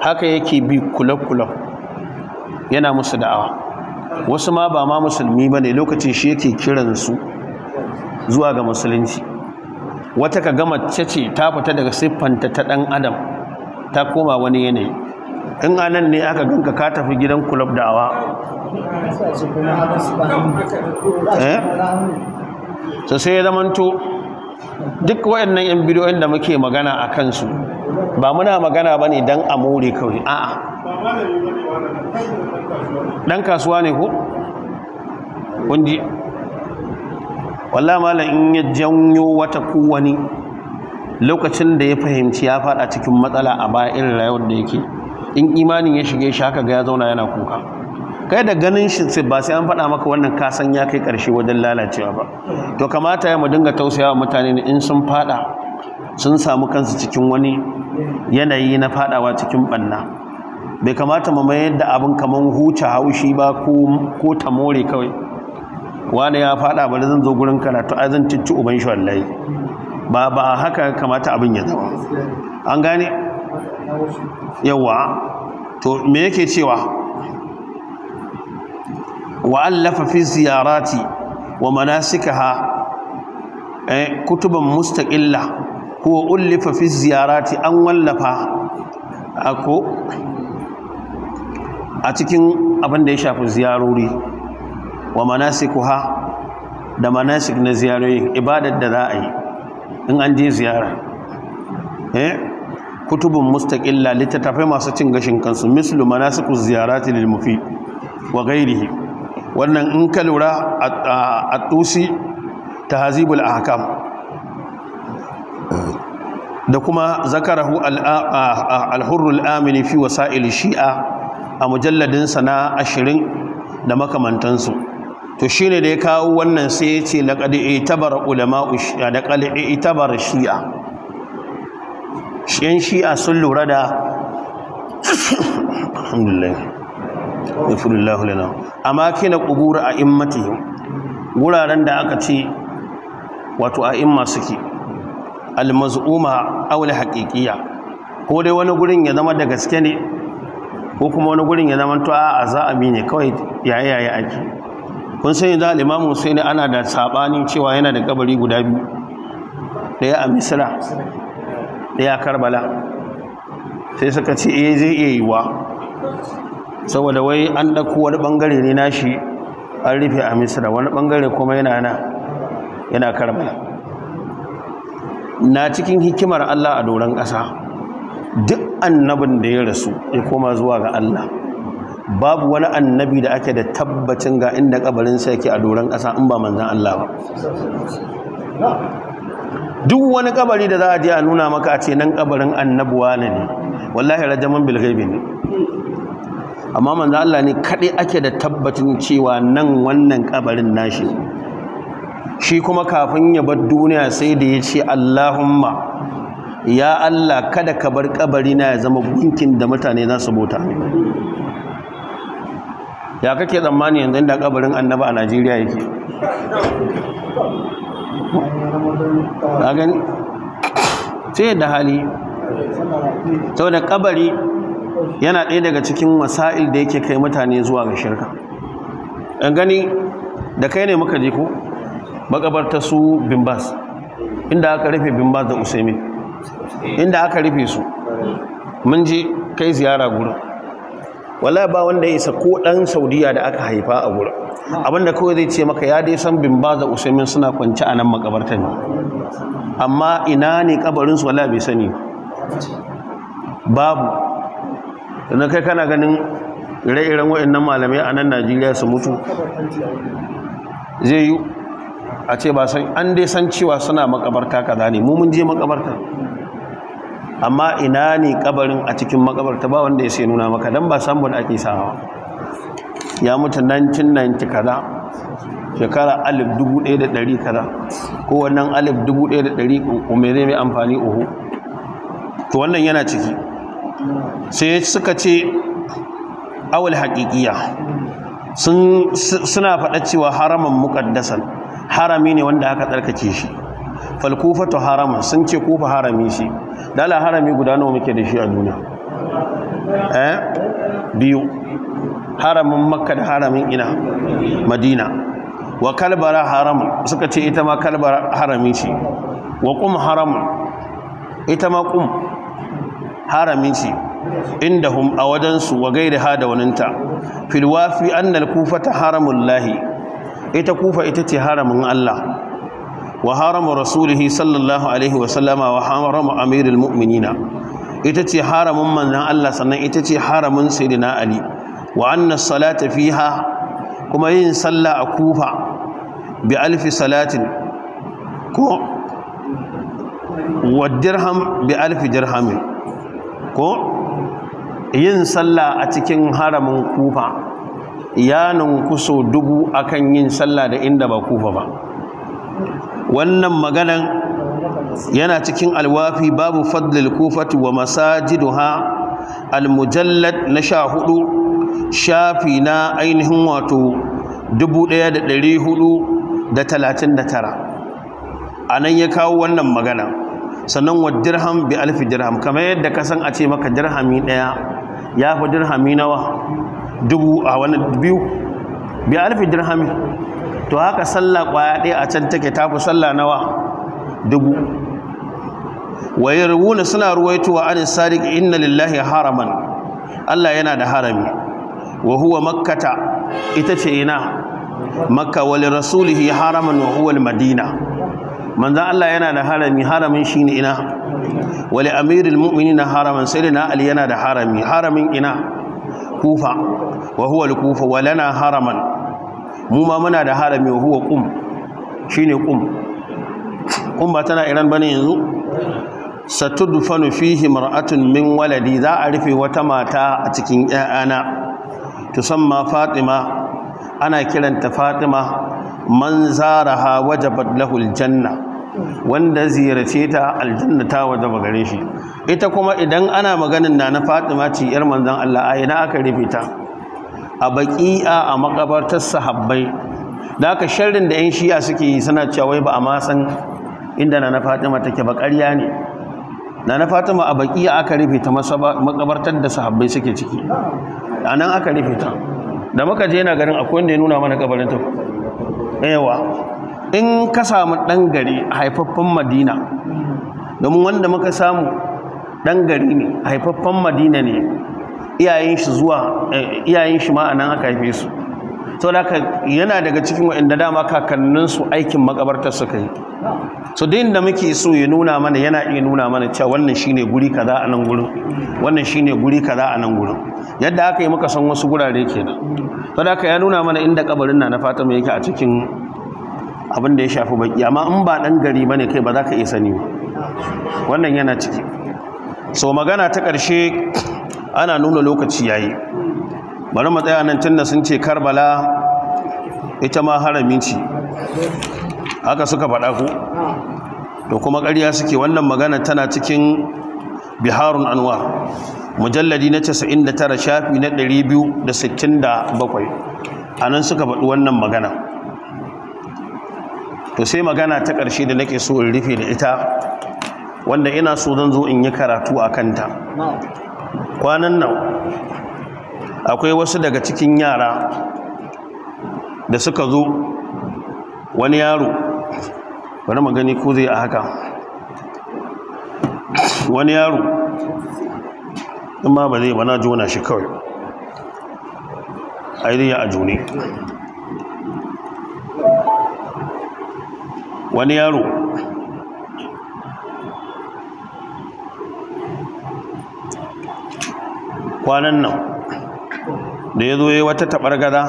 haka yake bi kula kula yana musu da'awa wasu ma ba ma musulmi ba ne lokacin shi yake kiransu zuwa ga musulunci wata ka gama ce ta fita daga siffanta ta ɗan adam ta koma wani yanayi in anan ne aka ganka ka tafi gidan kulab da'awa awa? Eh? sai ya zamanto duk wayannan yan bidiyoyin da muke magana a kansu ba muna magana ba ne don a more kawai a'a ɗan kasuwa ne ko? kundi wallama in ya janyo wata kowani lokacin da ya fahimci ya fada cikin matsala a baya irin rayuwar da yake in imanin ya shige shi haka ga ya zauna yana kuka kai da ganin shi ba sai an faɗa maka wannan kasan ya kai ƙarshe wajen lalacewa ba to kamata ya mu dinga tausaya tausayawa mutane in sun faɗa sun samu kansu cikin wani yanayi na faɗawa cikin ɓanna bai kamata mu mayar da abin kaman huce haushi ba ko ko more kawai wani ya faɗa bari zan zo gurin to a zan cicci uban shi wallahi ba ba haka kamata abin ya zama an gane yawa to me yake cewa wa'allafa fi ziyarati wa manasika ha kutuban mustaƙilla ko ullifa fi ziyarati an wallafa a cikin abin da ya shafi ziyarori wa manasiku ha da manasik na ziyarori ibadar da za a yi in an je ziyara kutubun mustaƙilla littattafai masu cin gashin kansu mislu manasiku ziyarati lil mufi wa ghairihi wannan in ka lura a tusi ta hazibul ahakam da kuma zakarahu alhurrul amini fi wasa'il shi'a a mujalladinsa na ashirin da makamantansu to shi ne da ya kawo wannan sai ya ce laƙaɗi itabar ulama'u shi'a da ƙal'i itabar shi'a yan shi'a sun lura da alhamdulillah yafurullahu lana ƙubura a a'immatihim wuraren da aka ce wato a a'imma suke almaz'uma aw haƙiƙiya ko dai wani gurin ya zama da gaske ne ko kuma wani gurin ya zama to a'a za a ne kawai yaya yaya ake kun sani za limamu sai ne ana da sabanin cewa yana da kabari guda biyu daya a Misra daya a Karbala sai suka ce eh zai iya yiwa saboda wai an ɗauko wani ɓangare ne nashi an rufe a misira wani ɓangare kuma yana na yana na cikin hikimar allah a doron ƙasa duk annabin da ya rasu ya koma zuwa ga allah babu wani annabi da ake da tabbacin ga inda ƙabarin sa yake a doron ƙasa in ba manzan allah ba duk wani ƙabari da za a je a nuna maka a ce nan ƙabarin annabuwa ne wallahi rajaman bilgaibi ne amma manzo Allah ne kade ake da tabbatin cewa nan wannan kabarin nashi shi kuma kafin ya bar duniya sai da ya Allahumma ya Allah kada ka bar kabari na ya zama gunkin da mutane za su bota ya kake tsammani yanzu da kabarin annaba a Najeriya yake ga gani sai da hali saboda kabari yana ɗaya daga cikin wasa'il da yake kai mutane zuwa ga shirka an gani da kai ne muka je ko makabarta su bimbas inda aka rufe bimbas da usaimi inda aka rufe su mun je kai ziyara gurin wala ba wanda ya isa ko dan saudiya da aka haifa a gurin abinda kawai zai ce maka ya dai san bimbas da usaimi suna kwanci a nan makabarta ne amma ina ne kabarinsu wala bai sani babu na kai kana ganin ire-iren waɗannan malamai a nan najeriya su mutu zai yi a ce ba san an dai san cewa suna makabarta kaza ne mu mun je makabarta amma ina ne kabarin a cikin makabarta ba wanda ya sai nuna maka dan ba samun ake sawa ya mutu 1990 kaza shekara 1100 kaza ko wannan 1100 umere mai amfani uhu to wannan yana ciki sai suka ce awul haƙiƙiya suna faɗa cewa haraman muƙaddasan harami ne wanda aka tsarkake shi falkufa ta harama sun ce kufa harami shi dala harami guda nawa muke da shi a duniya eh biyu haramin makka da haramin ina madina wa kalbara harama suka ce ita ma kalbara harami ce wa kum harama ita ma kum haramin shi indahum a wajensu wa gairi ha da waninta filwafi annal kufa ta haramun lahi ita kufa ita ce haramin Allah wa haramun rasulihi sallallahu alaihi wasallama wa haramun amirul mu'minina ita ce haramun manzan Allah sannan ita ce haramun sayyidina Ali wa anna salata fiha kuma yin sallah a kufa bi alfi salatin ko wa dirham bi alfi dirhamin ko yin sallah a cikin haramin kufa ya kuso dubu akan yin sallah da inda ba kufa ba wannan maganan yana cikin alwafi babu fadlil kufati wa ha almujallad na sha hudu shafi na ainihin wato dubu ɗaya da ɗari hudu da talatin da tara a nan ya kawo wannan magana sannan wa dirham bi alfi dirham kamar yadda ka san a ce maka dirhami daya ya fi dirhami nawa dubu a wani biyu bi alfi dirhami to haka sallah kwaya ɗaya a can take tafi sallah nawa dubu wa yarwuna suna ruwaitowa an sadiq inna lillahi haraman Allah yana da harami wa huwa makkata ita ce ina makka wa rasulihi haraman wa huwa al-madina manzan Allah yana da harami haramin shi ne ina wale amirin mu'mini na haramin sai da na ali yana da harami haramin ina kufa wa huwa kufa wale na haraman mu ma muna da harami wa huwa kum shi ne kum kum ba tana iran bane yanzu satudfanu fihi mar'atun min waladi za a rufe wata mata a cikin 'ya'yana tusamma fatima ana kiranta fatima man zaraha wajabat lahul janna wanda ziyarce ta aljanna ta wajaba gare shi ita kuma idan ana maganin na na Fatima ci yar manzon Allah a ina aka rufe ta a baqi'a a makabartar sahabbai da haka sharrin da yan shi'a suke yi suna cewa wai ba a ma san inda na na Fatima take ba ƙarya ne na na Fatima a baqi'a aka rufe ta makabartar da sahabbai suke ciki anan aka rufe ta da muka je na garin akwai wanda ya nuna mana kabarin ta yawa in ka samu ɗan gari haifaffen madina domin wanda muka samu ɗan gari ne haifaffen madina ne iyayen shi zuwa eh, iyayen shi ma aka haife su to da yana daga cikin waɗanda dama kakanninsu aikin makabarta suka yi so din da muke so ya nuna mana yana iya nuna mana cewa wannan shine guri kaza a nan gurin wannan shine guri kaza a nan gurin yadda aka yi muka san wasu gurare kenan to da ya nuna mana inda kabarin na na fata mai yake a cikin abin da ya shafi baki amma in ba dan gari bane kai ba za ka iya sani ba. wannan yana ciki so magana ta ƙarshe ana nuna lokaci yayi bari mu tsaya nan tunda sun ce karbala ita ma haramin haka suka faɗa ku to kuma ƙarya suke wannan magana tana cikin biharun anwar mujalladi na 99 shafi na 267 a nan suka faɗi wannan magana to sai magana ta ƙarshe da nake so in rufe da ita wanda ina so zan zo in yi karatu a kanta kwanan nan akwai wasu daga cikin yara da suka zo wani yaro Wani magani ko zai a haka wani yaro in ma ba zai bana jona shi kawai a ainihin a june wani yaro kwanan nan da ya zo ya wata tabar gada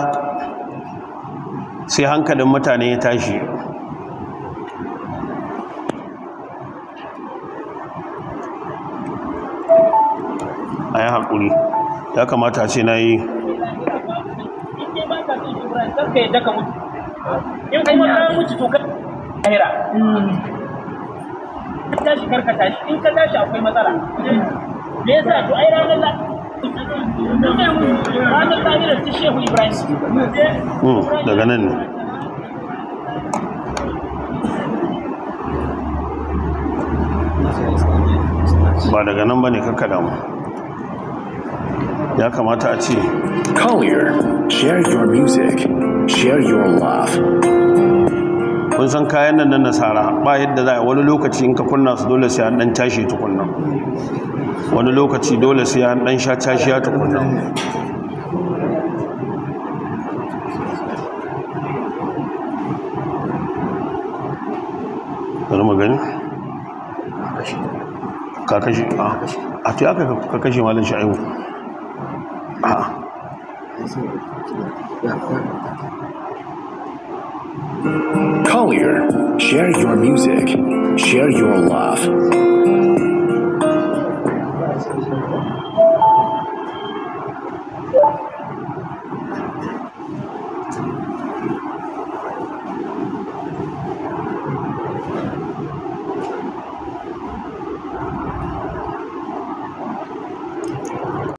sai hankalin mutane ya tashi a yi haƙuri ya kamata ce na yi in ka tashi akwai matsala mm. me yasa to ai ranar lafi Hmm, daga nan ne ba daga nan ba ne kakka damu ya kamata a ce collier share your music share your love kun san kayan nan na nasara ba yadda za a wani lokaci in ka kunna su dole sai an dan tashi tukunna wani lokaci dole sai an dan sha ya tukunna bari mu gani ka a ti aka ka malin sha'ibu a Collier, share your music, share your love.